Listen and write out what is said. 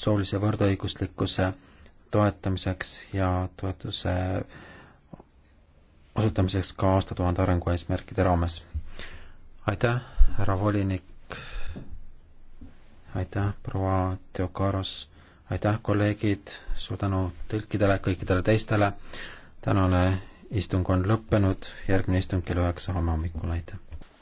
soolise võrdõiguslikkuse toetamiseks ja toetuse osutamiseks ka aastatuhande arengu eesmärkide raames. aitäh, härra volinik, aitäh, proua Teokaros, aitäh, kolleegid, suur tänu tõlkidele, kõikidele teistele, tänane istung on lõppenud, järgmine istung kell üheksa homme hommikul, aitäh!